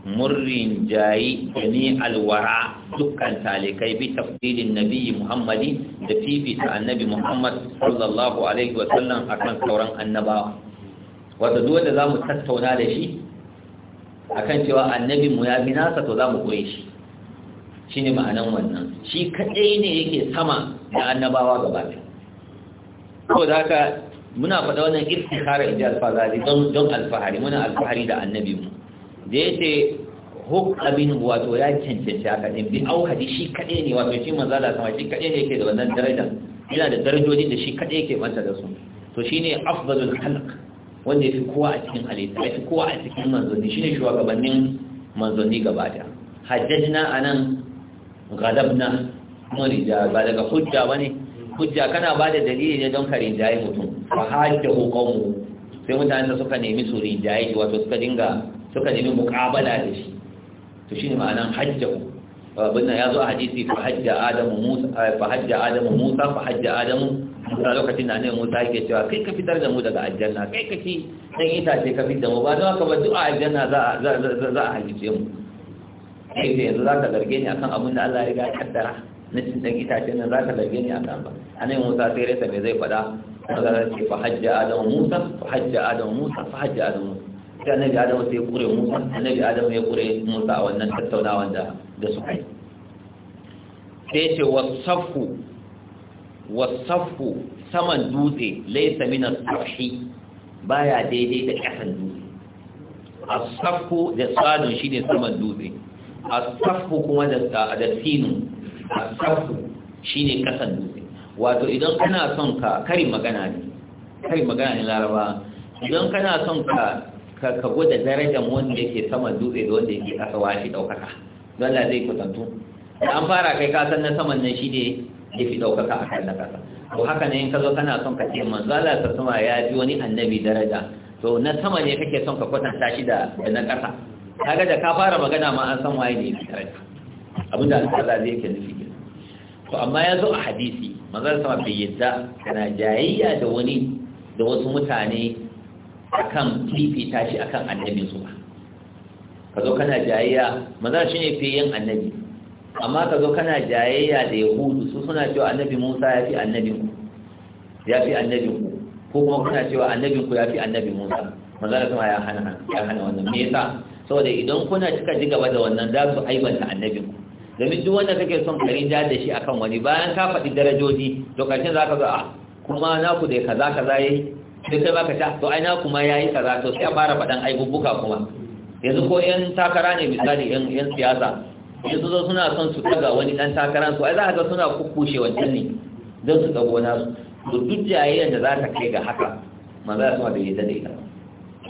murrin jayi jami alwara dukkan talikai bi tafsirin nabi muhammadi da fifita annabi muhammad sallallahu alaihi wasallam akan sauran annabawa wata duk wanda za mu tattauna da shi A kan cewa annabi mu ya bi nasa to za mu kure shi shi ne ma'anan wannan shi kaɗai ne yake sama da annabawa gaba ɗaya ko da haka muna faɗa wannan istikhara inda alfahari don don alfahari muna alfahari da annabi mu da yace huk abin wato ya cancanci haka din bi au hadi shi kaɗai ne wato shi manzo Allah sama shi kade ne yake da wannan daraja ila da darajoji da shi kade yake mata da su to shine afdalul khalq wanda yake kowa a cikin halitta yake kowa a cikin manzoni shine shugabannin manzoni gaba da hajjajna anan ghadabna mari rija ba daga hujja bane hujja kana ba da dalili ne don kare jayi mutum fa hajjahu hukumu sai mutanen suka nemi su rinjaye shi wato suka dinga suka nemi muqabala da shi to shine ma'anan hajjahu abinda ya zo a hadisi fa hajja adamu musa eh, fa hajja adamu musa fa hajja adamu a lokacin da ne musa yake cewa kai ka fitar da mu daga aljanna kai ka ci dan itace ka fitar da mu ba don ka ba du'a aljanna za za za a hajjice mu kai ne za ka zarge ni akan abinda Allah ya riga kaddara na cin dan itace nan ka zarge ni akan ba annabi musa sai rasa me zai faɗa Allah fa Musa fa Musa fa sai kure Musa kure Musa a wannan wasafu saman dutse laysa min as-safhi baya daidai da kasan dutse as da sadun shine saman dutse as kuma da da sinu as shine kasan dutse wato idan kana son ka kari magana ne kari magana ne laraba idan kana son ka ka gwada darajar wanda yake sama dutse da wanda yake kasa washe daukaka don la zai kutantu an fara kai ka san na saman nan shi ne ya fi daukaka a kan kasa to haka ne in ka zo kana son ka ce Allah ta sama ya fi wani annabi daraja to na sama ne kake son ka kwatanta shi da na kasa kaga da ka fara magana ma an san waye ne ya fi daraja abinda Allah zai ke nufi to amma ya zo a hadisi manzon sama bai yadda kana jayayya da wani da wasu mutane akan fifita shi akan annabi su ba ka zo kana jayayya shi ne fi yin annabi amma ka zo kana jayayya da yahudu su suna cewa annabi musa ya fi annabin ku ya fi annabi ku ko kuma kuna cewa annabin ku ya fi annabin musa manzon sama ya hana ya hana wannan me yasa saboda idan kuna cika ji gaba da wannan za su aibanta annabin ku domin duk wanda kake son ka ja da shi akan wani bayan ka faɗi darajoji to karshen za ka zo a ah, kuma na ku da kaza kaza yayi sai kai baka ta ah, to ai na kuma yayi kaza to sai a fara faɗan aibubuka kuma yanzu ko yan takara ne misali yan yan siyasa yanzu zo suna son su daga wani dan takara su ai za ka ga suna kukkushe wannan ne don su dago na su to duk jayayen da za ta kai ga haka manzo ya sama da yadda da ita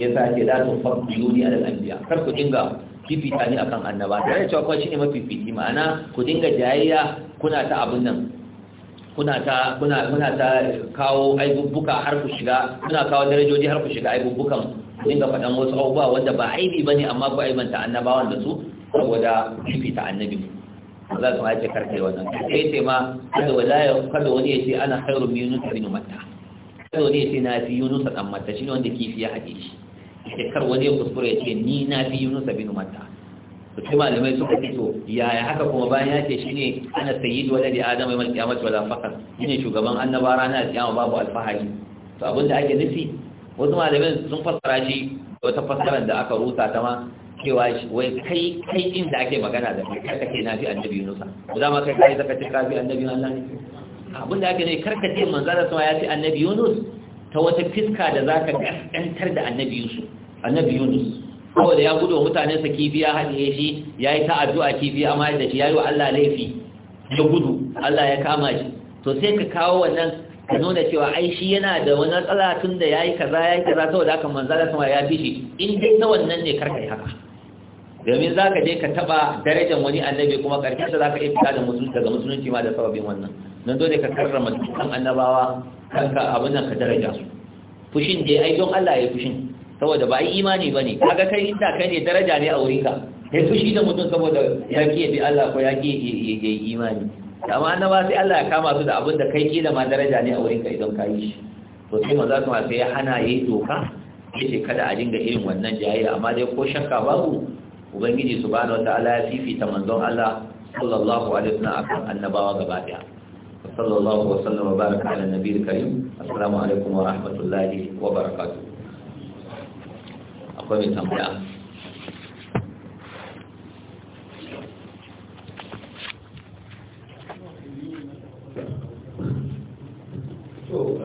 yasa ake da to fa yuni alal anbiya kar ku dinga fifita ni akan annaba da cewa kuma shine mafifici ma'ana ku dinga jayayya kuna ta abun nan kuna ta kuna kuna ta kawo aibubbuka har ku shiga kuna kawo darajoji har ku shiga aibubbukan dinga faɗan wasu abubuwa wanda ba aibi bane amma ku aibanta annabawan da su saboda fifita annabi Allah su ma ce karkai wannan sai sai ma kada wallahi kada wani ya ce ana khairu min yunus bin matta kada wani ya ce na fi yunus dan matta shine wanda kifi ya haɗe shi ita kar wani ya kuskure ya ce ni na fi yunus binu mata, to sai malamai suka fito yaya haka kuma bayan ya ce shine ana sayyidu waladi adam yawmal qiyamati wala faqar shine shugaban annaba ranar kiyama babu alfahari to abinda ake nufi wasu malamai sun fassara shi wata fassarar da aka rusa ta ma cewa wai kai kai inda ake magana da kai karka ce na fi annabi Yunusa ba za ma kai kai zaka ce ka annabi Allah ne abin da ake ne karka ce manzara sama ya fi annabi Yunus ta wata fiska da zaka kaskantar da annabi Yusuf annabi yunus saboda ya gudu wa sa kifi ya haɗe shi yi ta addu'a kifi amma da shi ya yi wa Allah laifi ya gudu Allah ya kama shi to sai ka kawo wannan ka nuna cewa ai shi yana da wani matsala tun da ya yi kaza ya yi kaza saboda haka manzala sama ya fi shi in dai ta wannan ne karka yi haka domin za ka je ka taɓa darajar wani annabi kuma karshen sa za ka iya fita da musulunci daga musulunci ma da sababin wannan don dole ka karrama dukkan annabawa kanka abin nan ka daraja su fushin dai ai don Allah ya fushin saboda ba yi imani ba ne kaga kai inda kai ne daraja ne a wurinka ya shi da mutum saboda ya ki bi Allah ko ya ki ya yi imani amma annaba sai Allah ya kama su da abin da kai kila ma daraja ne a wurinka idan ka yi shi to sai maza su sai ya hana ya yi doka yace kada a dinga irin wannan jayayya amma dai ko shakka babu ubangiji subhanahu wataala ya fifita manzon Allah sallallahu alaihi wasallam akan annabawa gaba daya sallallahu wa sallama baraka ala nabiyil karim assalamu alaikum wa rahmatullahi wa 欢迎参加。就。